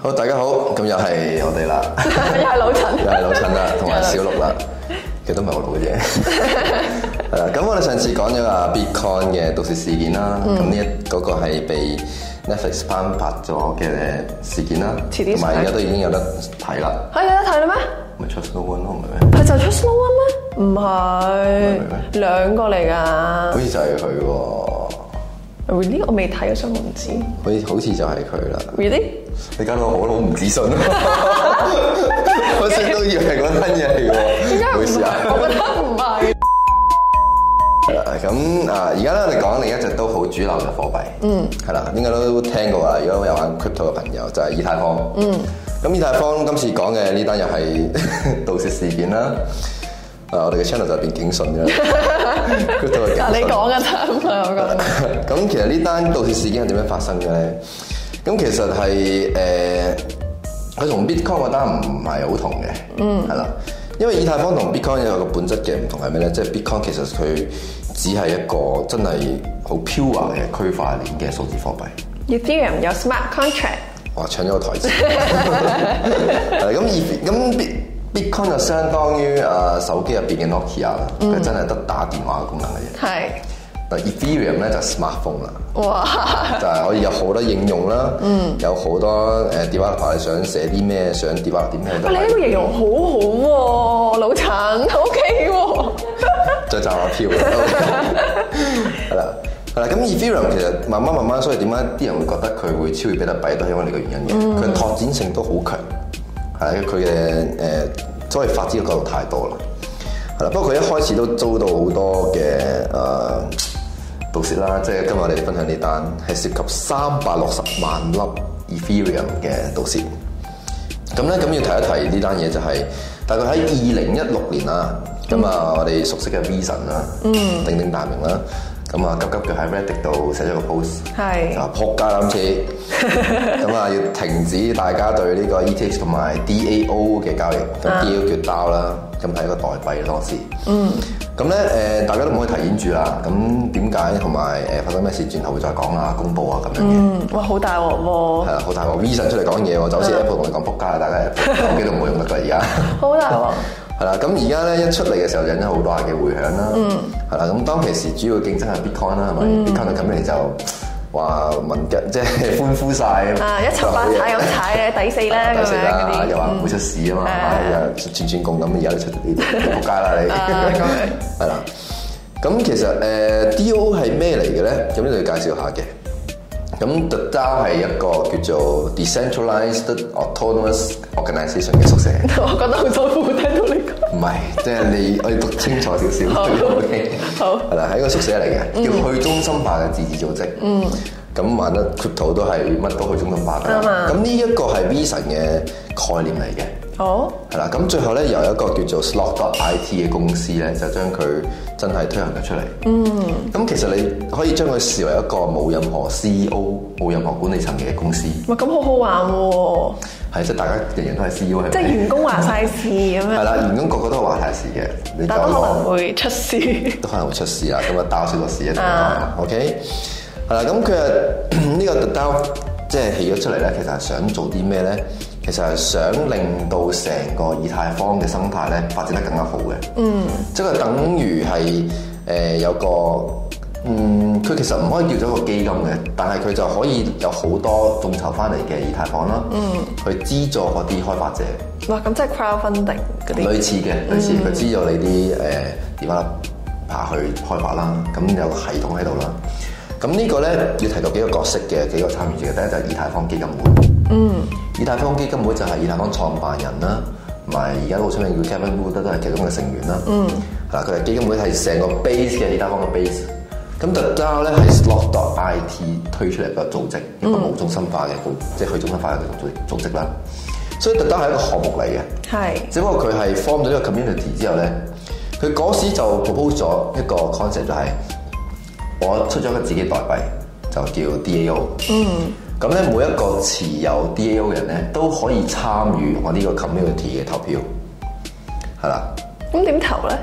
好，大家好，咁又係我哋啦，又係老陳，又係老陳啦，同埋小六啦，其實都唔係我老嘅。係啦，咁我哋上次講咗啊，Bitcoin 嘅毒置事件啦，咁呢一嗰個係被 Netflix 翻拍咗嘅事件啦，同埋而家都已經有得睇啦。可以有得睇啦咩？咪《Trust No One》咯，唔係咩？係就《Trust No One》咩？唔係，兩個嚟㗎。好似就係佢喎。Really？我未睇嗰雙龍子。佢好似就係佢啦。Really？你講到我都好唔自信， 我都以為係嗰單嘢喎。唔好意思，我覺得唔係。咁啊，而家咧我哋講另一隻都好主流嘅貨幣。嗯，係啦，應該都聽過啊。如果有玩 crypto 嘅朋友，就係、是、以太坊。嗯，咁以太坊今次講嘅呢單又係盜竊事件啦。啊， 我哋嘅 channel 就變警訊㗎啦。你講嘅單，我覺得。咁其實呢單盜竊事件係點樣發生嘅咧？咁、嗯、其實係誒，佢、呃、同 Bitcoin 個單唔係好同嘅，係啦、嗯，因為以太坊同 Bitcoin 有個本質嘅唔同係咩咧？即係 Bitcoin 其實佢只係一個真係好 pure 嘅區塊鏈嘅數字貨幣。Ethereum 有 smart contract，哇，搶咗個台詞。咁咁 Bitcoin 就相當於啊手機入邊嘅 Nokia，佢真係得打電話嘅功能嘅嘢。係。Ethereum 咧就 smartphone 啦，就係、是、哇可以有好多應用啦，嗯、有好多誒 developer 想寫啲咩，想 develop 啲咩。哇、啊，你呢個形容好好、啊、喎，老陳 ，OK 喎、啊，再賺我票。係啦，係啦，咁 Ethereum 其實慢慢慢慢，所以點解啲人會覺得佢會超越比特幣都係因為呢個原因嘅，佢、嗯、拓展性都好強，係佢嘅誒，所以、呃、發展嘅角度太多啦。係啦，不過佢一開始都遭到好多嘅誒。呃呃盜竊啦，即係今日我哋分享呢單係涉及三百六十萬粒 Ethereum 嘅盜竊。咁咧，咁要提一提呢單嘢就係、是，大概喺二零一六年啊，咁啊、嗯嗯，我哋熟悉嘅 V 神啊，鼎鼎大名啦。咁啊，急急腳喺 Reddit 度寫咗個 post，啊，撲街諗住，咁啊 要停止大家對呢個 ETH 同埋 DAO 嘅交易，咁 DAO 叫刀啦，咁係一個代幣當時、嗯嗯。嗯。咁咧誒，大家都唔好去提演住啦。咁點解同埋誒發生咩事？轉頭會再講啊，公佈啊咁樣嘅。嗯，哇，好大鑊喎。係啊，好大鑊 Vision 出嚟講嘢喎，就好似 Apple 同你講撲街，啊，嗯、大家手機都唔好用得㗎而家。好 大鑊。係啦，咁而家咧一出嚟嘅時候引咗好多嘅迴響啦。係啦、mm.，咁當其時主要競爭係 Bitcoin 啦，係咪？Bitcoin 咁嚟就話敏捷，即係、mm. 歡呼曬了啊！Uh, 一七八踩咁踩啊，第四啦第四啦，啲些。又話唔會出事啊嘛，又轉轉共咁，而家都出到啲國家啦，你係啦。咁 其實誒 DO 係咩嚟嘅咧？咁呢度要介紹下嘅。咁 The DAO 係一個叫做 decentralized autonomous organization 嘅宿舍，我覺得好辛苦聽到你講。唔係，即係你，我要讀清楚少少。O K，好。係啦，係一個宿舍嚟嘅，叫去中心化嘅自治組織。嗯。咁玩得 crypto 都係乜都去中心化㗎嘛。啱啊。咁呢一個係 Vision 嘅概念嚟嘅。好，係啦、oh?，咁最後咧，由一個叫做 Slock.it 嘅公司咧，就將佢真係推行咗出嚟。Mm. 嗯，咁其實你可以將佢視為一個冇任何 CEO、冇任何管理層嘅公司。咁好、哦、好玩喎、哦！係，即係大家人人都係 CEO，係咪？即係員工話晒事咁樣。係啦， 員工個個都話晒事嘅。但都可能會出事。都可能會出事啦，咁啊，打少個事，一定啦。OK，係啦，咁佢呢個 DAO 即係起咗出嚟咧，其實係想做啲咩咧？其實係想令到成個以太坊嘅生態咧，發展得更加好嘅。嗯，即係等於係誒有個，嗯，佢其實唔可以叫做一個基金嘅，但係佢就可以有好多眾籌翻嚟嘅以太坊啦，嗯，去資助嗰啲開發者。哇，咁、嗯、即係 crowdfunding 嗰啲？類似嘅，類似佢資、嗯、助你啲誒點樣爬去開發啦，咁有個系統喺度啦。咁呢個咧，要提到幾個角色嘅幾個參與者，第一就係、是、以太坊基金會。嗯，mm. 以太坊基金會就係以太坊創辦人啦，同埋而家都好出名叫 Kevin Wood 都係其中嘅成員啦。嗯，嗱，佢嘅基金會係成個 base 嘅以太坊嘅 base。咁 DAO 咧係 Slot. It 推出嚟嘅組織，一個冇中心化嘅、mm. 即係去中心化嘅組織啦。所以 DAO 係一個項目嚟嘅，係是。只不過佢係 form 咗呢個 community 之後咧，佢嗰時就 propose 咗一個 concept 就係，我出咗佢自己代幣，就叫 DAO。嗯。Mm. 咁咧，嗯、每一個持有 DAO 嘅人咧，都可以參與我呢個 community 嘅投票，係啦。咁點、嗯、投咧？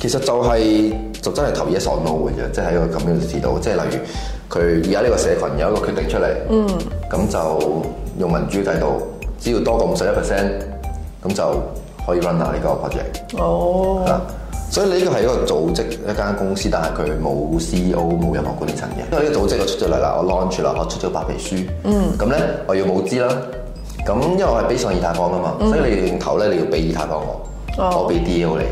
其實就係、是、就真係投、no 就是、yes or no 嘅啫，即係喺個 community 度，即係例如佢而家呢個社群有一個決定出嚟，嗯，咁就用民主制度，只要多過五十一 percent，咁就可以 run 下呢個 project。哦。所以你呢個係一個組織，一間公司，但係佢冇 CEO 冇任何管理層嘅。因為呢個組織我出咗嚟啦，我 launch 啦，我出咗白皮書。嗯。咁咧，我要募資啦。咁因為我係俾上以太坊噶嘛，嗯、所以你要投咧，你要俾以太坊我，哦、我俾 DAO 你。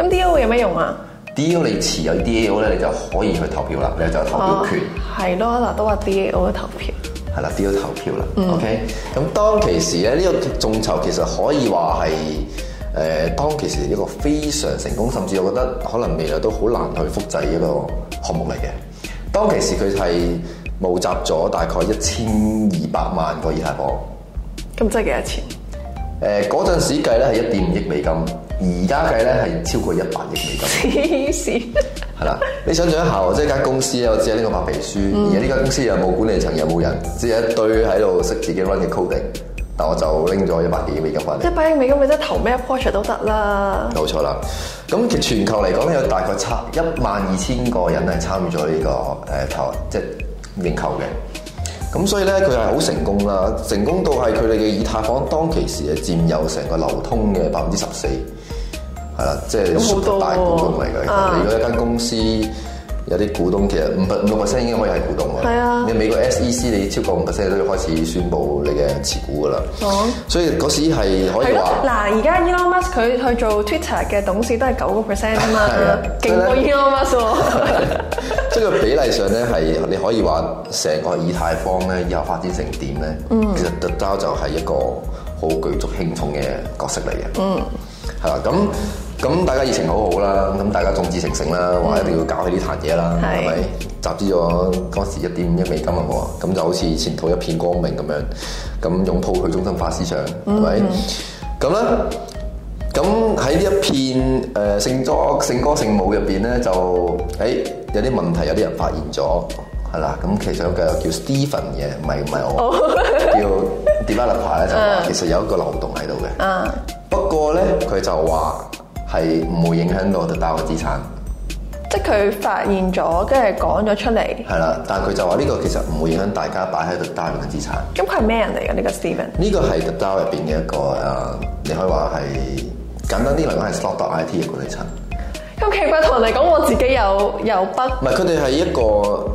咁 DAO 有咩用啊？DAO 你持有 DAO 咧，你就可以去投票啦，你就有投票權。係咯、哦，嗱都話 DAO 投票。係啦，DAO 投票啦。嗯、OK。咁當其時咧，呢個眾籌其實可以話係。誒，當其時一個非常成功，甚至我覺得可能未來都好難去複製一個項目嚟嘅。當其時佢係募集咗大概一千二百萬個以太坊，咁即係幾多錢？誒，嗰陣時計咧係一點五億美金，而家計咧係超過一百億美金。是是。係啦，你想象一下，即係間公司，我只係呢個白皮書，嗯、而家呢間公司又冇管理層，又冇人，只係一堆喺度識自己 run 嘅 coding。嗱，我就拎咗一百億美金返嚟，一百億美金，你真 投咩 project 都得啦。冇錯啦，咁其全球嚟講咧，有大概差一萬二千個人係參與咗呢、呢個誒、呃、投，即係認購嘅。咁所以咧，佢係好成功啦，成功到係佢哋嘅以太坊當其時係佔有成個流通嘅百分之十四，係啦、嗯，即係算係大股東嚟嘅。如果一間公司。有啲股東其實五五 percent 應該可以係股東喎。係啊。你美國 SEC 你超過五 percent 都要開始宣布你嘅持股噶啦。哦。所以嗰時係可以話。係咯。嗱，而家 Elon Musk 佢去做 Twitter 嘅董事都係九個 percent 啊嘛，勁過 Elon Musk 喎。即係個比例上咧，係你可以話成個以太坊咧，以後發展成點咧？嗯。其實特招就係一個好舉足輕重嘅角色嚟嘅。嗯。係啦，咁。嗯咁、嗯、大家熱情好好啦，咁的大家眾志成城啦，話一定要搞起呢壇嘢啦，係咪的集資咗當時一點五億美金啊？喎，咁就好似前途一片光明咁樣，咁擁抱佢中心化思想，係咪？咁咧、嗯，咁喺呢、嗯、一片誒聖座、聖、呃、歌、聖母入邊咧，就誒、欸、有啲問題，有啲人發現咗係啦。咁其實個叫 Stephen 嘅，唔係唔係我，哦、叫 developer 咧，就、啊、其實有一個漏洞喺度嘅。啊、不過咧，佢就話，係唔會影響到 The DAO 嘅資產，即係佢發現咗，跟住講咗出嚟。係啦，但係佢就話呢個其實唔會影響大家擺喺 The DAO 嘅資產。咁佢係咩人嚟嘅呢個 Steven？呢個係 The DAO 入邊嘅一個誒，你可以話係簡單啲嚟講係 Slock.it 嘅管理層。咁奇怪，同人嚟講我自己有有不？唔係，佢哋係一個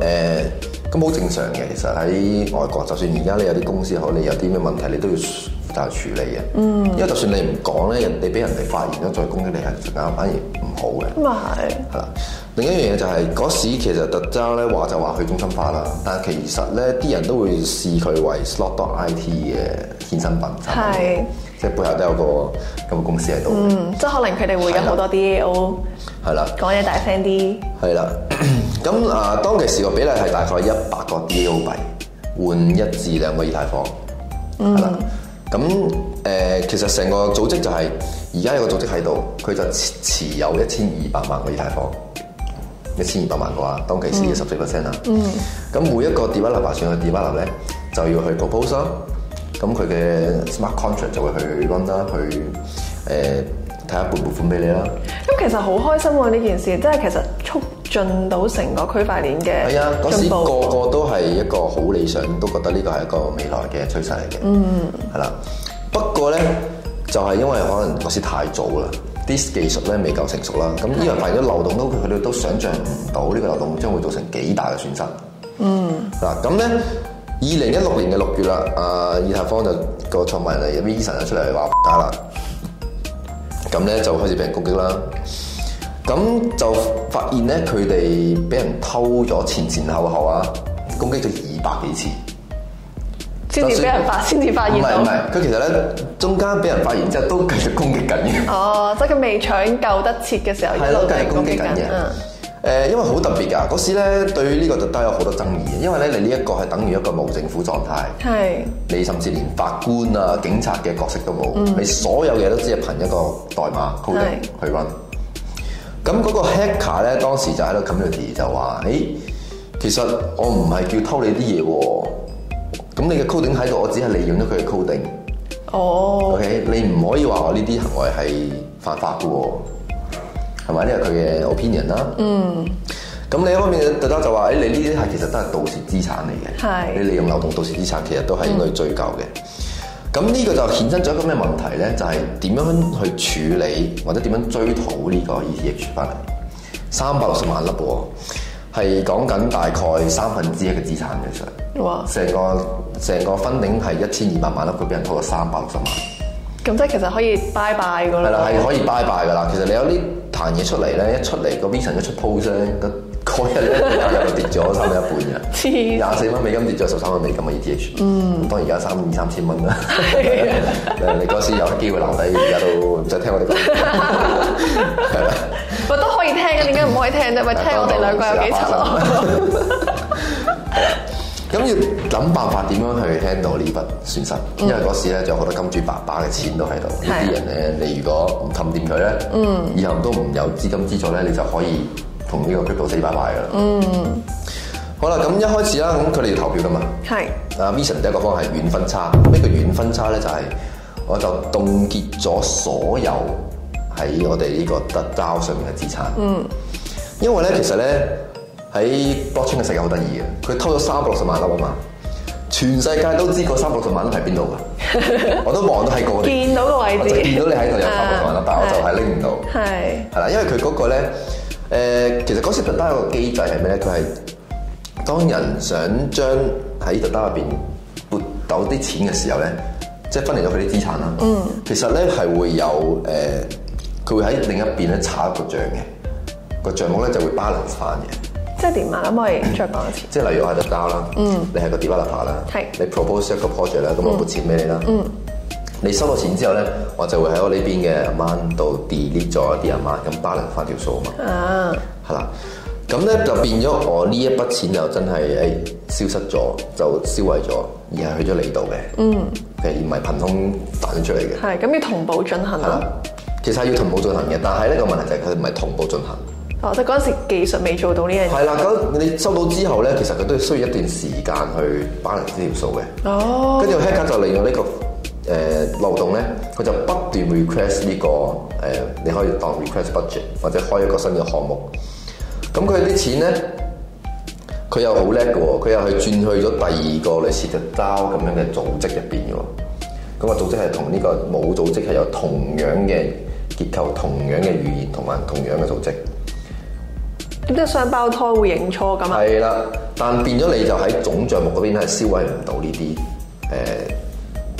誒。呃咁好正常嘅，其實喺外國，就算而家你有啲公司好，你有啲咩問題，你都要負責處理嘅。嗯，因為就算你唔講咧，人哋俾人哋發現咗，再攻擊你係眼，反而唔好嘅。咁啊係。係啦，另一樣嘢就係、是、嗰時其實特質咧話就話去中心化啦，但係其實咧啲人都會視佢為 Slock.it 嘅衍生品。係是。即係背後都有個咁嘅公司喺度。嗯，即係可能佢哋會有好多 DAO 了。係啦。講嘢大聲啲了。係啦。咁 啊，當其時個比例係大概一百個 DAO 幣換一至兩個以太坊。嗯。啦。咁誒、呃，其實成個組織就係而家有一個組織喺度，佢就持有一千二百萬個以太坊。一千二百萬嘅話，當其時嘅十四個 percent 啦。嗯。咁每一個 D1 流吧選嘅 D1 流咧，就要去 proposal。咁佢嘅 smart contract 就會去 run 啦，去誒睇一筆撥款俾你啦。咁、嗯、其實好開心喎、啊、呢件事，真係其實促進到成個區塊鏈嘅。係啊，嗰時個個都係一個好理想，都覺得呢個係一個未來嘅趨勢嚟嘅。嗯，係啦。不過咧，就係、是、因為可能嗰時太早啦，啲、這個、技術咧未夠成熟啦。咁因為發現咗漏洞都，都佢哋都想象唔到，呢個漏洞將會造成幾大嘅損失。嗯。嗱，咁咧。二零一六年嘅六月啦，啊、uh, 呃，以太坊就個創辦人嚟，有啲伊晨就出嚟話家啦，咁咧就開始俾人攻擊啦，咁就發現咧佢哋俾人偷咗前前後後啊，攻擊咗二百幾次，先至俾人發，先至算發，發現。唔係唔係，佢其實咧中間俾人發現之後都繼續攻擊緊嘅。哦，即係佢未搶救得切嘅時候。係咯，繼續攻擊緊嘅。嗯誒，因為好特別㗎，嗰時咧對呢個特登有好多爭議，因為咧你呢一個係等於一個冇政府狀態，係是你甚至連法官啊、警察嘅角色都冇，嗯、你所有嘢都只係憑一個代碼 coding 是去揾。咁嗰個 hacker 咧當時就喺度 community 就話：，誒、哎，其實我唔係叫偷你啲嘢喎，咁你嘅 coding 喺度，我只係利用咗佢嘅 coding。哦，OK，你唔可以話我呢啲行為係犯法㗎喎、啊。係嘛？因為佢嘅 opinion 啦。嗯。咁另一方面，大家就話：，誒，你呢啲係其實都係盜竊資產嚟嘅。係是。你利用漏洞盜竊資產，其實都係應該追究嘅。咁呢、嗯、個就衍生咗一個咩問題咧？就係、是、點樣去處理，或者點樣追討呢個 ETH 翻嚟？三百六十萬粒喎，係講緊大概三分之一嘅資產嘅成。哇！成個成個分頂係一千二百萬粒，佢俾哇人拖咗三百六十萬。咁即係其實可以拜拜 e b 噶啦，係啦係可以拜拜 e b 噶啦。其實你有啲彈嘢出嚟咧，一出嚟個 V 神一出 pose 咧，個個一日又跌咗差唔多一半嘅，廿四蚊美金跌咗十三蚊美金嘅 ETH。嗯，當然而家三二三千蚊啦。你嗰的 時有機會留低，而家都唔使聽我哋講。係啦，喂 都可以聽嘅，點解唔可以聽啫？喂，聽我哋兩個有幾嘈？ 咁要諗辦法點樣去 handle 呢筆損失，嗯、因為嗰時咧就好多金主爸爸嘅錢都喺度，是呢啲人咧，你如果唔氹掂佢咧，嗯、以後都唔有資金資助咧，你就可以同呢個 group 死拜拜噶啦。嗯，好啦，咁一開始啦，咁佢哋要投票噶嘛？係是。阿 Vision 第一個方法係軟分叉，呢個軟分叉咧？就係我就凍結咗所有喺我哋呢個 The DAO 上面嘅資產。嗯，因為咧其實咧。Okay. 喺 Blockchain 嘅世界好得意嘅，佢偷咗三百六十萬粒啊嘛！全世界都知三百六十萬粒喺邊度噶， 我都望到喺嗰度。見到個位置，見到你喺度有三百六十萬粒，啊、但我就係拎唔到。係係啦，因為佢嗰個咧，誒、呃，其實嗰時特登有個機制係咩咧？佢係當人想將喺特登入邊撥到啲錢嘅時候咧，即、就、係、是、分離咗佢啲資產啦。嗯，其實咧係會有誒，佢、呃、會喺另一邊咧查一個賬嘅，個帳目咧就會 balance 翻嘅。即係點啊？可唔可以再講一次？即係例如我喺度交啦，嗯、你係個 developer 啦，你 propose 一個 project 啦，咁是我撥錢俾你啦。嗯、你收到錢之後咧，我就會喺我呢邊嘅 amount 度 delete 咗啲 amount 咁 balance 翻條數啊嘛。係啦，咁咧就變咗我呢一筆錢就真係誒、嗯哎、消失咗，就消毀咗，而係去咗你度嘅。嗯，而唔係憑空彈出嚟嘅？係咁要同步進行。係啦，其實係要同步進行嘅，但係呢個問題就係佢唔係同步進行。哦，即係嗰陣時技術未做到呢樣嘢。係啦，咁你收到之後咧，其實佢都需要一段時間去擺呢條數嘅。哦，跟住黑客就利用呢個誒漏洞咧，佢就不斷 request 呢個誒，你可以當 request budget 或者開一個新嘅項目。咁佢啲錢咧，佢又好叻嘅喎，佢又係轉去咗第二個類似嘅 DAO 咁樣嘅組織入邊嘅喎。咁啊，組織係同呢個冇組織係有同樣嘅結構、同樣嘅語言同埋同樣嘅組織。點解雙胞胎會認錯咁啊？係啦，但變咗你就喺總賬目嗰邊咧，銷毀唔到呢啲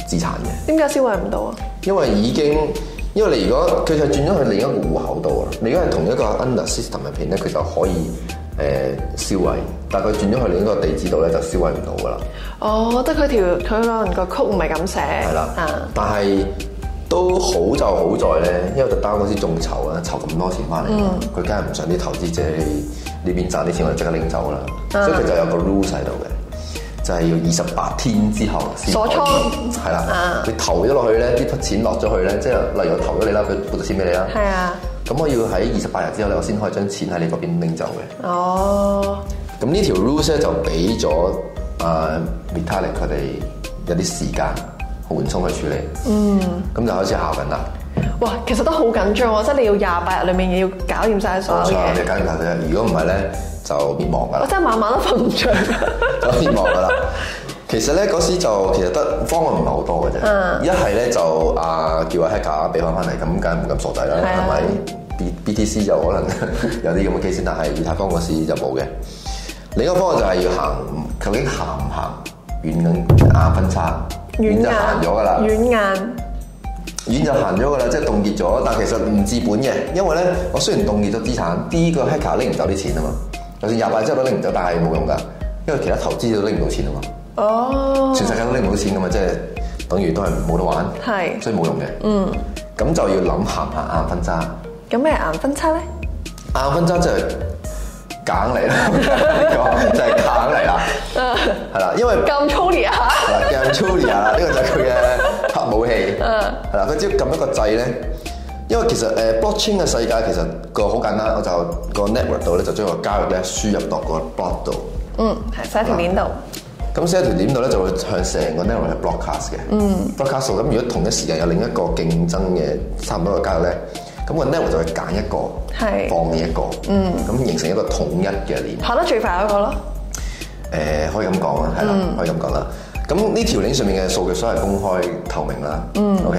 誒資產嘅。點解銷毀唔到啊？因為已經，因為你如果佢就轉咗去另一個戶口度啊，你如果係同一個 under system 入邊咧，佢就可以誒銷毀，但佢轉咗去另一個地址度咧，就銷毀唔到噶啦。哦，我覺得佢條佢可能個曲唔係咁寫，係啦了，嗯、但係。都好就好在咧，因為嗰單公司眾籌啊，籌咁多錢翻嚟，佢梗係唔想啲投資者喺呢邊賺啲錢，我就即刻拎走啦。啊、所以佢就有個 rule 喺度嘅，就係、是、要二十八天之後，先鎖倉係啦，佢投咗落去咧，啲筆錢落咗去咧，即係例如我投咗你啦，佢撥咗錢俾你啦，係啊。咁我要喺二十八日之後咧，我先可以將錢喺你嗰邊拎走嘅。哦。咁呢條 rule 咧就俾咗啊 Vitalik 佢哋一啲時間，緩衝去處理，嗯，咁就開始考緊啦。哇，其實都好緊張啊，即係你要廿八日裏面要搞掂晒所有嘅。冇錯，你搞掂晒佢。如果唔係咧，就滅亡噶啦。我真係晚晚都瞓唔着。 就滅亡噶啦。其實咧嗰時就其實得方案唔係好多嘅啫。一係咧就啊叫阿黑客俾翻翻嚟，咁梗係唔咁傻仔啦，係咪的？B B T C 就可能 有啲咁嘅機先，但係以太坊嗰時就冇嘅。 另一個方案就係要行究竟行唔行，遠近硬分叉。軟就行咗噶啦，軟硬軟就行咗噶啦，即係凍結咗。但其實唔治本嘅，因為咧，我雖然凍結咗資產，D 個黑客拎唔走啲錢啊嘛。就算廿八日之後都拎唔走，但係冇用噶，因為其他投資都拎唔到錢啊嘛。哦，全世界都拎唔到錢㗎嘛，即係等於都係冇得玩，係，所以冇用嘅。嗯，咁就要諗行下硬分叉。咁咩硬分叉咧？硬分叉就係硬嚟啦，就係硬嚟啦，係啦，因為 Julia，呢個就係佢嘅黑武器。係啦，佢只要撳一個掣咧，因為其實誒、uh, Blockchain 嘅世界其實個好簡單，我就個 network 度咧就將個交易咧輸入到個 block 度。 嗯，係寫一條鏈度。咁寫一條鏈度咧就會向成個 network 去 broadcast 嘅。嗯 broadcast 咁如果同一時間有另一個競爭嘅差唔多嘅交易咧，咁個 network 就會揀一個放呢一個。嗯，咁形成一個統一嘅鏈。跑得最快一個咯。誒、 嗯，可以咁講啊，係啦，可以咁講啦。咁呢條鏈上面嘅數據所有係公開透明啦。嗯。OK。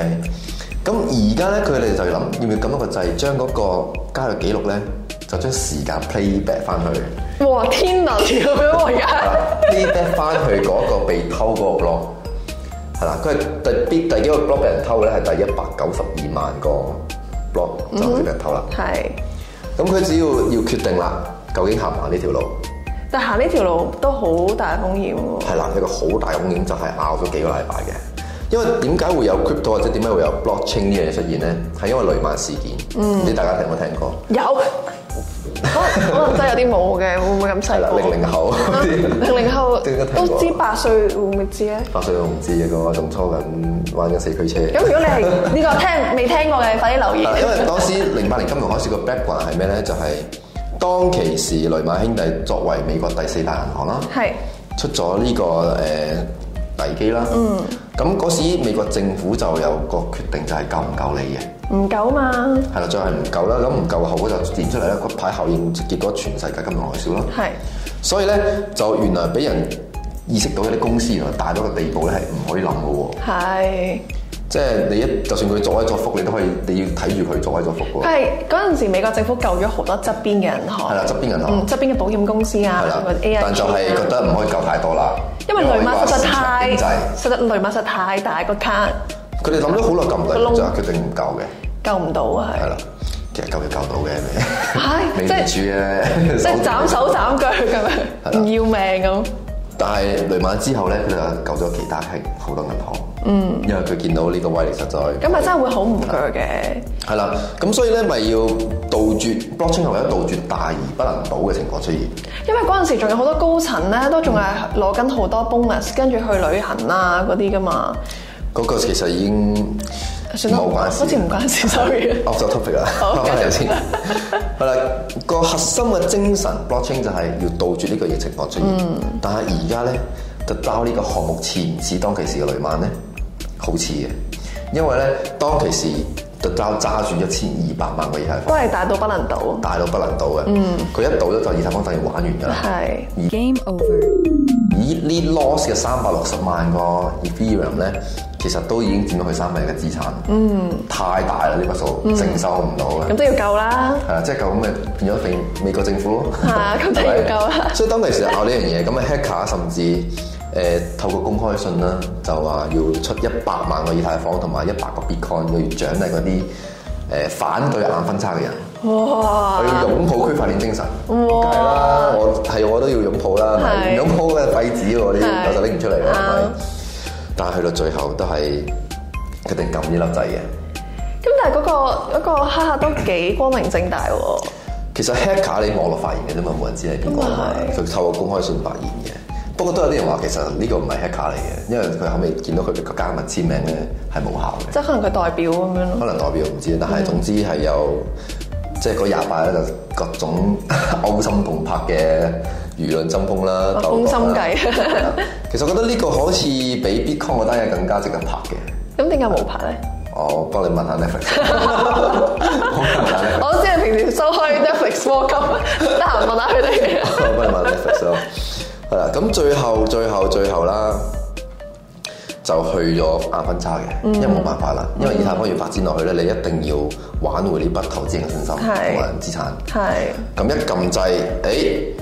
咁而家咧，佢哋就諗，要唔要咁一個掣，將嗰個交易記錄咧，就將時間 play back 翻去。哇！天哪，點樣㗎？play back 翻去嗰個被偷 個 block 係啦，佢係第第幾個 block 被人偷嘅咧？係第一百九十二萬個 block 就被人偷啦。係、嗯。咁佢只要要決定啦，究竟行唔行呢條路？但行呢條路都好大風險喎。係啦，一個好大嘅風險就係拗咗幾個禮拜嘅。因為點解會有 crypto 或者點解會有 blockchain 呢樣嘢出現咧？係因為雷曼事件。嗯，唔知大家聽冇聽過？有，可能我 真係有啲冇嘅，會唔會咁細？係零零後。零零 後都知八歲會唔會知咧？八歲我唔知嘅，我、那、仲、個、初緊、嗯、玩緊四驅車。咁如果你係呢、這個聽未聽過嘅，快啲留言。 因為當時零八年金融開始個 background 係咩咧？就係、是。當其時，雷曼兄弟作為美國第四大銀行啦，係是出咗呢、這個誒危機啦。呃、嗯，咁嗰時美國政府就有個決定，就係夠唔夠你嘅？唔夠嘛。係啦，最後係唔夠啦。咁唔夠後果就連出嚟咧個牌效應，結果全世界金融海嘯。啦是。係，所以咧就原來俾人意識到一啲公司原來大咗個地步咧係唔可以諗嘅喎。係。即係你一就算佢作威作福，你都可以你要睇住佢作威作福喎。係，嗰陣時，美國政府救咗好多側邊嘅銀行。係啦，側邊銀行、側邊嘅保險公司啊。但就係覺得唔可以救太多啦。因為雷曼實在太實在，雷曼實在太大個卡。佢哋諗咗好耐，咁耐就決定唔救嘅。救唔到啊！係。係啦，其實救就救到嘅。唉，即係主嘅，即係斬手斬腳咁樣，唔要命咁。但係雷曼之後咧，佢就救咗其他係好多銀行。嗯，因為佢見到呢個威力實在，咁咪真係會好唔鋸嘅。係啦，咁所以咧咪要杜絕 blockchain，為咗杜絕大而不能倒嘅情況出現。因為嗰陣時仲有好多高層咧，都仲係攞緊好多 bonus，跟住去旅行啊嗰啲噶嘛。嗰個其實已經冇關事，好似唔關事，sorry。off the topic 啦，好緊要先。係啦，個核心嘅精神 blockchain 就係要杜絕呢個疫情況出現。但係而家咧，就交呢個項目前置當其時嘅雷曼咧。好似嘅，因為咧，當其時就揸揸住一千二百萬個以太坊，都係大到不能倒，大到不能倒嘅。嗯，佢一倒咗，就以太坊等於玩完㗎啦。係。Game over 以。以呢 loss 嘅三百六十萬個 ethereum 咧，其實都已經佔到佢三分嘅資產。嗯，mm. 太大啦呢筆數，承受唔到嘅。咁都要救啦。係啊，即係救咁咪變咗美美國政府咯。係啊，咁真要救啦。 所以當其時拗呢樣嘢，咁啊 hacker 甚至。誒透過公開信啦，就話要出一百萬個以太坊同埋一百個 Bitcoin 嚟獎勵嗰啲誒反對硬分叉嘅人。佢哇要擁抱區塊鏈精神。梗係啦，我係我都要擁抱啦。唔是擁抱嘅廢紙喎，呢啲是我就拎唔出嚟啦。是吧但係去到最後都係決定撳呢粒掣嘅。咁但係嗰個嗰個黑客都幾光明正大喎。其實黑客你網絡發言嘅啫嘛，冇人知係邊個。佢透過公開信發言嘅。不過都有啲人話其實呢個唔係黑客嚟嘅，因為佢後尾見到佢個加密簽名咧係冇效嘅。即係心可能佢代表咁樣咯。可能代表唔知，但係總之係有即係嗰廿八咧，就各種勾心動魄嘅輿論針鋒啦。封心計，其實我覺得呢個 好似比 Bitcoin 嗰單嘢更加值得拍嘅。咁點解冇拍咧？mus i 我幫你問下 Netflix。 我知你平時收開 Netflix 波金， 得閒問下佢哋。我幫你問下 Netflix 囉。係啦，咁最後、最後、最後啦，就去咗硬分叉嘅，嗯、因為冇辦法啦，嗯、因為以太坊要發展落去咧，你一定要挽回呢筆投資嘅信心個是人資產。係是。咁一撳掣，誒、欸，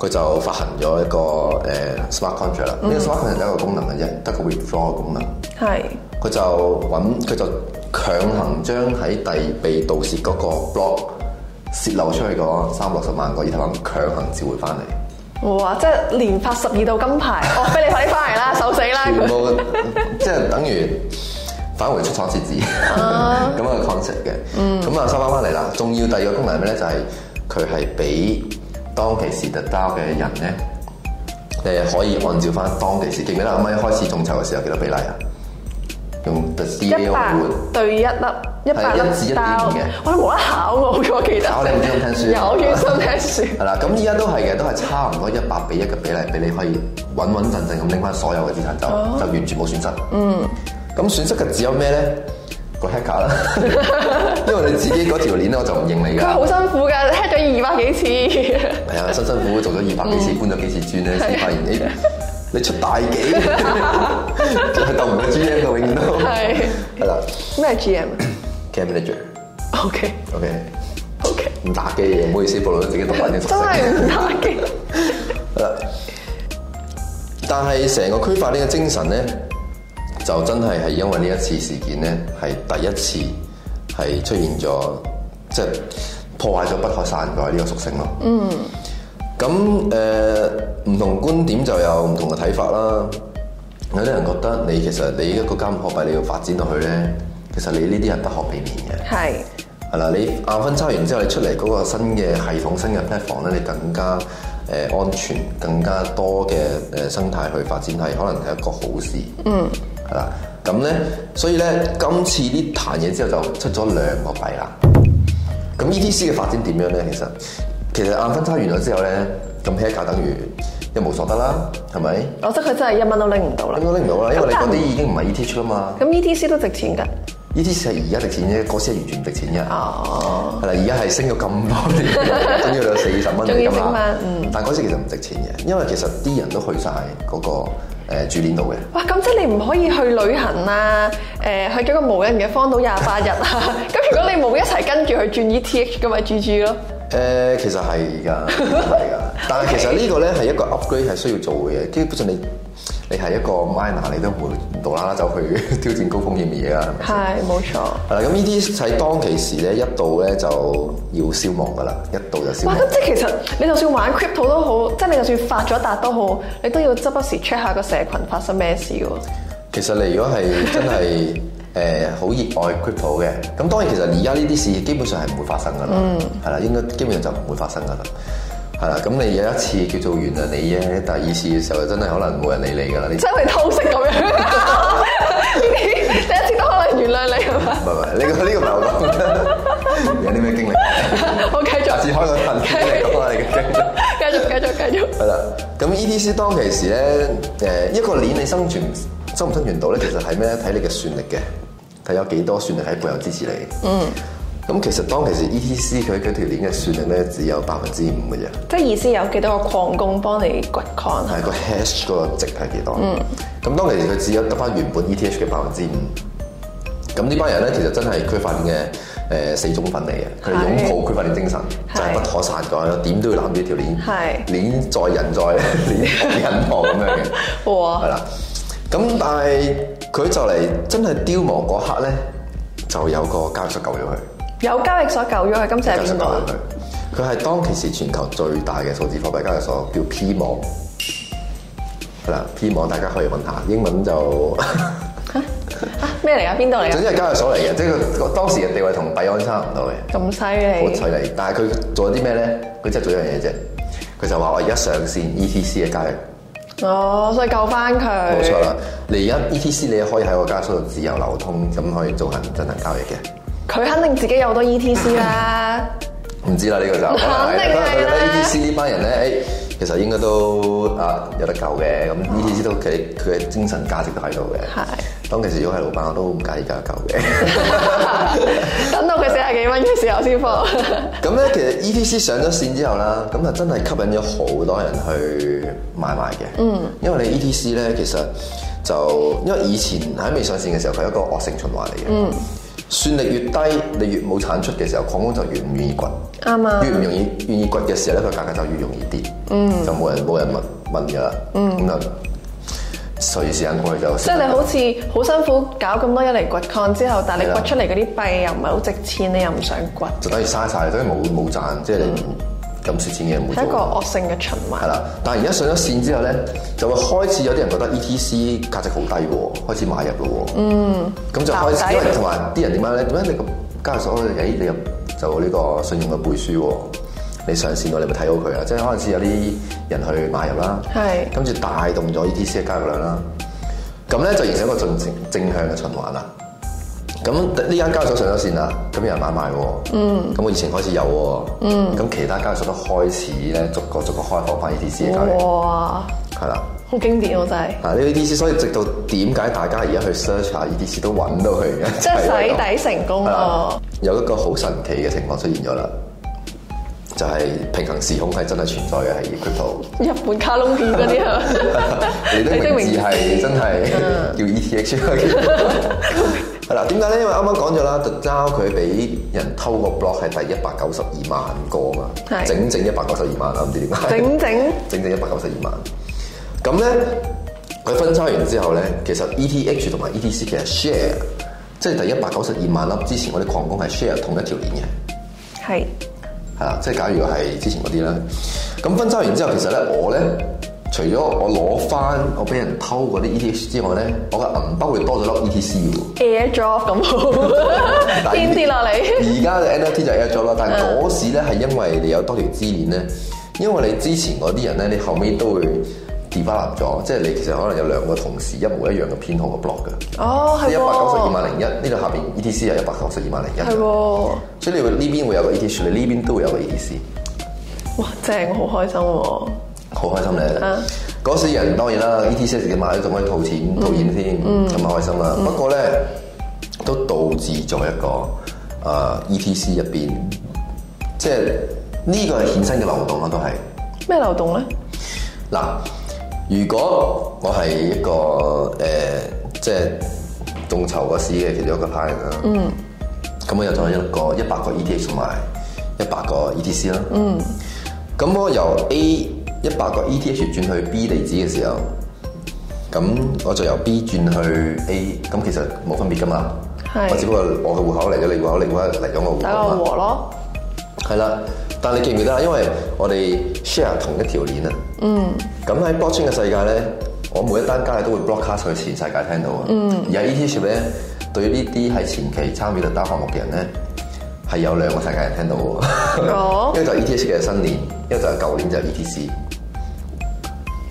佢就發行咗一個誒、呃、smart contract 啦、嗯。呢個 smart contract 只有一個功能嘅啫，得個 withdraw 嘅功能。係是。佢就揾，佢就強行將喺第被盜竊嗰個 block 泄漏出去嘅三六十萬個以太坊，強行召回翻嚟。哇！即係連發十二道金牌，我俾、 哦、你睇翻嚟啦， 受死啦！全部即係等於返回出廠設置啊，咁嘅 concept 嘅， 嗯，咁啊收翻翻嚟啦。重要第二個功能係咩咧？就係佢係俾當其時特交嘅人咧，誒可以按照翻當其時記唔記得啱咪、嗯、開始眾籌嘅時候幾多比例啊？用特斯拉換兌一粒，粒，對粒一百粒刀，我係無得考我嘅，我記得。考你唔知我聽書，又唔用心聽書。係啦， 咁依家都係嘅，都係差唔多一百比一嘅比例俾你可以穩穩陣陣咁拎翻所有嘅資產走，就完全冇損失。啊、嗯，咁損失嘅只有咩咧？個 hacker 啦， 因為你自己嗰條鏈咧，我就唔認你㗎。佢好辛苦㗎 hack 咗二百幾次。係 啊，辛辛苦苦做咗二百幾次，搬咗幾次轉咧，先發現。你出大機，就係鬥唔到 GM 嘅，永遠都係係啦。咩 GM？Manager。OK, okay。OK。OK。唔打機，唔好意思，暴露咗自己讀法啲屬性。都唔打機。誒， 但係成個區塊呢個精神咧，就真係係因為呢一次事件咧，係第一次係出現咗，即係破壞咗不開散同呢個屬性咯。嗯。咁誒，唔、呃、同觀點就有唔同嘅睇法啦。有啲人覺得你其實你一個加密幣你要發展落去咧，其實你呢啲係不可避免嘅。係係啦，你硬分叉完之後，你出嚟嗰個新嘅系統、新嘅配方咧，你更加誒、呃、安全，更加多嘅誒生態去發展，係可能係一個好事。嗯，係啦。咁咧，所以咧，今次呢壇嘢之後就出咗兩個幣啦。咁 E T C 嘅發展點樣咧？其實？其實硬分叉完咗之後咧，咁 hacker、嗯、等於無、嗯、吧一無所得啦，係咪？我覺得佢真係一蚊都拎唔到啦。咁都拎唔到啦，因為你嗰啲已經唔係 ETH 啦嘛是。咁 ETC 都值錢㗎 ETC 係而家值錢啫，嗰、那個、時係完全唔值錢嘅。哦、啊，係啦，而家係升咗咁多年， 升咗有四十蚊嚟㗎嘛。嗯、但係嗰時其實唔值錢嘅，因為其實啲人都去晒嗰個誒主鏈度嘅。哇！咁即係你唔可以去旅行啊？誒，去咗個無人嘅荒島廿八日啊！咁 如果你冇一齊跟住去轉 ETH 咁咪 GG 咯～誒、呃，其實係㗎，係㗎。 但係其實呢個咧係一個 upgrade 係需要做嘅嘢。基本上你你係一個 miner，你都唔會無啦啦走去挑戰高風險嘅嘢啦。係，冇錯。誒、 嗯，咁呢啲喺當其時咧，一度咧就要消亡㗎啦，一度就消亡。咁即係其實你就算玩 crypto 都好，即係你就算發咗達都好，你都要則不時 check 下個社群發生咩事㗎。其實你如果係真係。 誒好熱愛 crypto 嘅，咁當然其實而家呢啲事基本上係唔會發生噶啦，係啦，嗯，應該基本上就唔會發生噶啦，係啦，咁你有一次叫做原諒你啫，第二次嘅時候真係可能冇人理你噶啦，你真係偷食咁樣， 第一次都可能原諒你，唔係唔係，呢個呢個， 你呢個唔係我講，有啲咩經歷？我繼續，下次開個新咁續續你，你繼，續繼續，繼續繼續繼續，係啦，咁 E T C 當其時咧，誒一個鏈你生存。收唔收全度咧？其實係咩咧？睇你嘅算力嘅，睇有幾多算力喺背後支持你。嗯。咁其實當其時，ETC 佢佢條鏈嘅算力咧，只有百分之五嘅啫。即係意思有幾多個礦工幫你掘礦啊？係個 hash 嗰個值係幾多？嗯。咁、嗯、當其時佢只有得翻原本 ETH 嘅百分之五。咁呢班人咧，其實真係區塊鏈嘅誒四種分嚟嘅，佢、呃、擁抱區塊鏈精神，的就係不可散講，點都要攬住條鏈，鏈的在人在，鏈 人亡咁樣嘅。哇 對！係啦。咁、嗯、但係佢就嚟真係凋亡嗰刻咧，就有個交易所救咗佢。有交易所救咗佢，今次係邊度？佢係當其時全球最大嘅數字貨幣交易所，叫 P 網。係啦、嗯、了，P 網大家可以揾下，英文就咩嚟啊？邊度嚟？總之係交易所嚟嘅，嗯、即係佢當時嘅地位同幣安差唔多嘅。咁犀利！好犀利！但係佢做咗啲咩咧？佢即係做一樣嘢啫。佢就話：我而家上線 E T C 嘅交易。哦，oh, 所以救翻佢。冇錯啦，你而家 E T C 你可以喺個交易所自由流通，咁可以進行進行交易嘅。佢肯定自己有好多 E T C 啦。唔 知啦呢、這個就肯定佢哋啦。E T C 呢班人咧，哎。其實應該都啊有得救嘅，咁 E T C 都佢佢嘅精神價值都喺度嘅。係，當其時如果係老闆，我都唔介意加購嘅。 等到佢四十幾蚊嘅時候先放那。咁咧， 其實 E T C 上咗線之後啦，咁啊真係吸引咗好多人去買賣嘅。嗯，因為你 E T C 咧，其實就因為以前喺未上線嘅時候，佢係一個惡性循環嚟嘅。嗯。算力越低，你越冇產出嘅時候，礦工就越唔願意掘。啱啊吧！越唔容易願意掘嘅時候咧，佢價格就越容易跌。嗯，就冇人冇人問問㗎啦。嗯，咁就隨時間過去就。即係你好似好辛苦搞咁多嘢嚟掘礦之後，但係你掘出嚟嗰啲幣又唔係好值錢，你的又唔想掘，就等於嘥晒，等於冇冇賺，即係你、嗯。咁蝕錢嘅係一個惡性嘅循環。係啦，但係而家上咗線之後咧，就會開始有啲人覺得 E T C 價值好低喎，開始買入咯喎。嗯。咁就開始，因為同埋啲人點解咧？點解你個交易所誒，你又就呢個信用嘅背書，你上線我哋咪睇到佢啊！即係、就是、開始有啲人去買入啦。係是。跟住帶動咗 E T C 嘅交易量啦。咁咧就形成一個正正向嘅循環啦。咁呢間家易上咗線啦，咁有人買賣喎。嗯。咁我以前開始有喎。嗯。咁其他家易都開始咧，逐個逐個開放翻 ETC 嘅交易。哇！係啦。好經典喎，真係。嗱呢 t c 所以直到點解大家而家去 search 下 ETC 都揾到佢嘅？即係洗底成功咯。有一個好神奇嘅情況出現咗啦，就係平衡時空係真係存在嘅，係 e q 日本卡隆片嗰啲啊！你都名字係真係叫 ETH 啊！嗱，點解咧？因為啱啱講咗啦，特交佢俾人偷個 block 係第一百九十二萬個啊，係的，整整一百九十二萬啊，唔知點解，整整，整整一百九十二萬。咁咧，佢分叉完之後咧，其實 ETH 同埋 ETC 其實 share，即係第一百九十二萬粒，之前我哋礦工係 share 同一條鏈嘅，係的，係啊，即係假如係之前嗰啲啦。咁分叉完之後，其實咧我咧。除咗我攞翻我俾人偷嗰啲 ETH 之外咧，我嘅銀包會多咗粒 ETC 喎。Airdrop 咁好，天跌落嚟。而家嘅 NFT 就 Airdrop 啦，但嗰時咧係因為你有多條支鏈咧，因為你之前嗰啲人咧，你後尾都會 develop 咗，即係你其實可能有兩個同時一模一樣嘅編號嘅 block 㗎。哦，係一百九十二萬零一呢度下邊，ETC 係一百九十二萬零一，係喎。所以你會呢邊會有個 ETH，你呢邊都會有個 ETC。哇，正我好開心喎！好開心咧！嗰、啊、時，人當然啦，E T C 自己買仲可以套錢套現添，咁咪、嗯、開心啦。嗯、不過咧，都導致咗一個誒、呃、E T C 入邊，即係呢個係衍生嘅漏洞啦，都係咩漏洞咧？嗱，如果我係一個誒、呃，即係眾籌嗰時嘅其中一個 partner 啦，咁我又做一個一百個 E T H 同埋一百個 E T C 啦，咁、嗯、我由 A 一百個 ETH 轉去 B 地址嘅時候，咁我就由 B 轉去 A，咁、mm hmm. 其實冇分別噶嘛。係是。我只不過我嘅戶口嚟咗，你嘅戶口，你嘅戶口嚟咗我嘅戶口啊嘛。打個和咯。係啦，但你記唔記得啊？Mm hmm. 因為我哋 share 同一條鏈啊。嗯、mm。咁、hmm. 喺 Blockchain 嘅世界咧，我每一單交易都會 broadcast 去全世界聽到啊。嗯、mm。Hmm. 而喺 ETH 咧，對於呢啲喺前期參與度單項目嘅人咧。係有兩個世界人聽到，oh. 一個就係 ETH 嘅新年，一個就係舊年就係 ETC。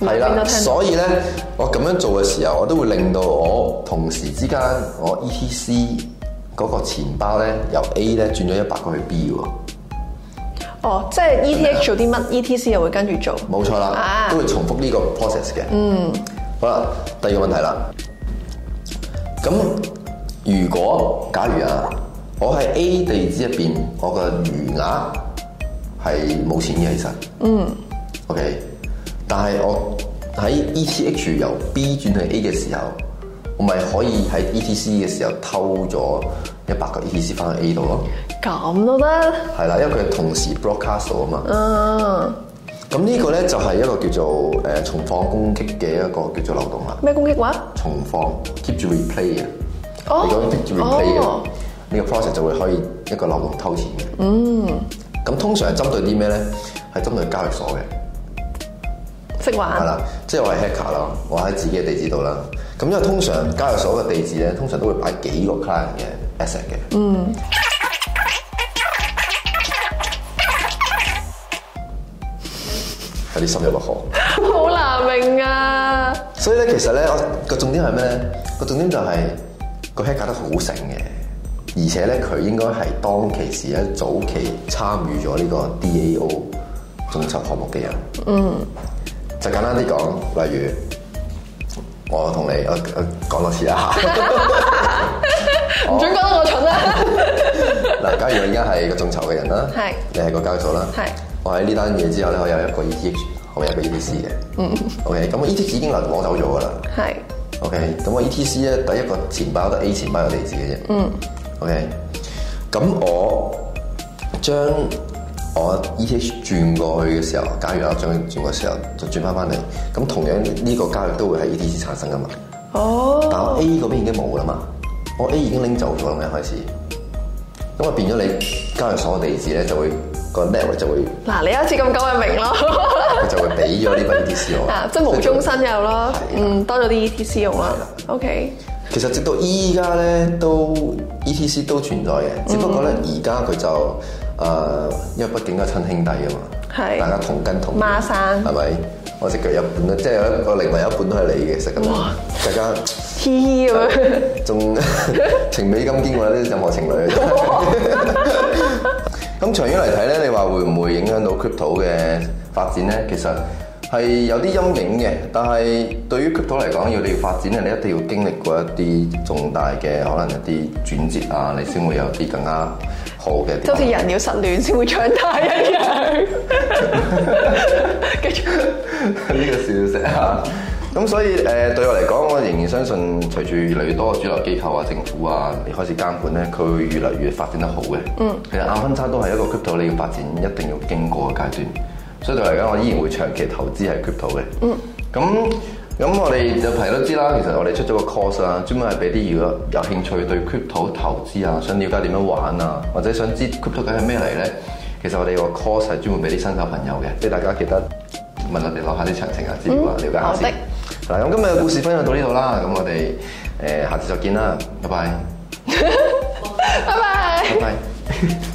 係啦、嗯，了所以咧，我咁樣做嘅時候，我都會令到我同時之間，我 ETC 嗰個錢包咧，由 A 咧轉咗一百個去 B。哦、oh,，即係 ETH 做啲乜，ETC 又會跟住做。冇錯啦，ah. 都會重複呢個 process 嘅。嗯，mm. 好啦，第二個問題啦。咁如果假如啊？我喺 A 地址入邊，我嘅餘額係冇錢嘅，其實。嗯。OK，但係我喺 ETH 由 B 轉去 A 嘅時候，我咪可以喺 ETC 嘅時候偷咗一百個 ETC 翻去 A 度咯。咁都得。係啦，因為佢係同時 broadcast 啊嘛。嗯、啊。咁呢個咧就係一個叫做誒、呃、重放攻擊嘅一個叫做漏洞啦。咩攻擊話？重放 keep 住 replay 哦，你講 keep 住 replay 嘅。哦哦呢個 project 就會可以一個漏洞偷錢嘅。嗯。咁、嗯、通常係針對啲咩咧？係針對交易所嘅。識玩。係啦，即、就、係、是、我係 hacker 咯，我喺自己嘅地址度啦。咁因為通常交易所嘅地址咧，通常都會擺幾個 client 嘅 asset 嘅。嗯。有啲心入唔好。好 難明啊。所以咧，其實咧，我個重點係咩咧？個重點就係、是、個 hacker 都好醒嘅。而且咧，佢應該係當其時一早期參與咗呢個 DAO 眾籌項，項目嘅人。嗯，就簡單啲講，例如我同你誒誒講多次啊，唔 准講得我蠢啦。嗱， 假如我而家係個眾籌嘅人啦，係是你係個交易所啦，係是我喺呢單嘢之後咧，我有一個 E T，我有一個 E T C 嘅。嗯。OK，咁我 E T 已經攞走咗噶啦。係是。OK，咁我 E T C 咧，第一個錢包得 A 錢包嘅地址嘅啫。嗯。O K. 咁我將我 E T H 轉過去嘅時候，假如我將佢轉過去嘅時候，就轉翻翻嚟，咁同樣呢個交易都會喺 E T C 產生噶嘛？哦。Oh. 但係 A 嗰邊已經冇啦嘛，我 A 已經拎走咗啦，一開始。咁啊變咗你交易所嘅地址咧，就會個 value 就會。嗱、那個，你一次咁講就明咯。我 就會俾咗呢筆 E T C 我。 即係無中生有咯，嗯了，多咗啲 E T C 用啦，O K. 其實直到依家咧都 ETC 都存在嘅，只不過咧而家佢就誒，因為畢竟都親兄弟啊嘛，大家同根同媽生，係咪？我食腳一半咧，即係我另外有一半都係你嘅，食實嘛，大家嘻嘻咁仲情比金堅過啲任何情侶。咁長遠嚟睇咧，你話會唔會影響到 crypto 嘅發展咧？其實。係有啲陰影嘅，但係對於 crypto 嚟講，要你要發展咧，你一定要經歷過一啲重大嘅，可能一啲轉折啊，你先會有啲更加好嘅。就好似人要失戀先會長大一樣。 繼續呢 個笑死啊！咁 所以誒，對我嚟講，我仍然相信，隨住越嚟越多主流機構啊、政府啊開始監管咧，佢會越嚟越發展得好嘅。嗯，其實硬分叉都係一個 crypto 你要發展一定要經過嘅階段。所以到而家我依然會長期投資係 crypto 嘅。嗯。咁咁我哋有朋友都知啦，其實我哋出咗個 course 啦，專門係俾啲如果有興趣對 crypto 投資啊，想了解點樣玩啊，或者想知 crypto 究竟係咩嚟咧，其實我哋個 course 係專門俾啲新手朋友嘅，即係大家記得問我哋攞下啲詳情啊，資料啊，嗯、了解下先。好嘅的。嗱，咁今日嘅故事分享到呢度啦，咁我哋誒、呃、下次再見啦，拜拜。 拜拜。 拜拜。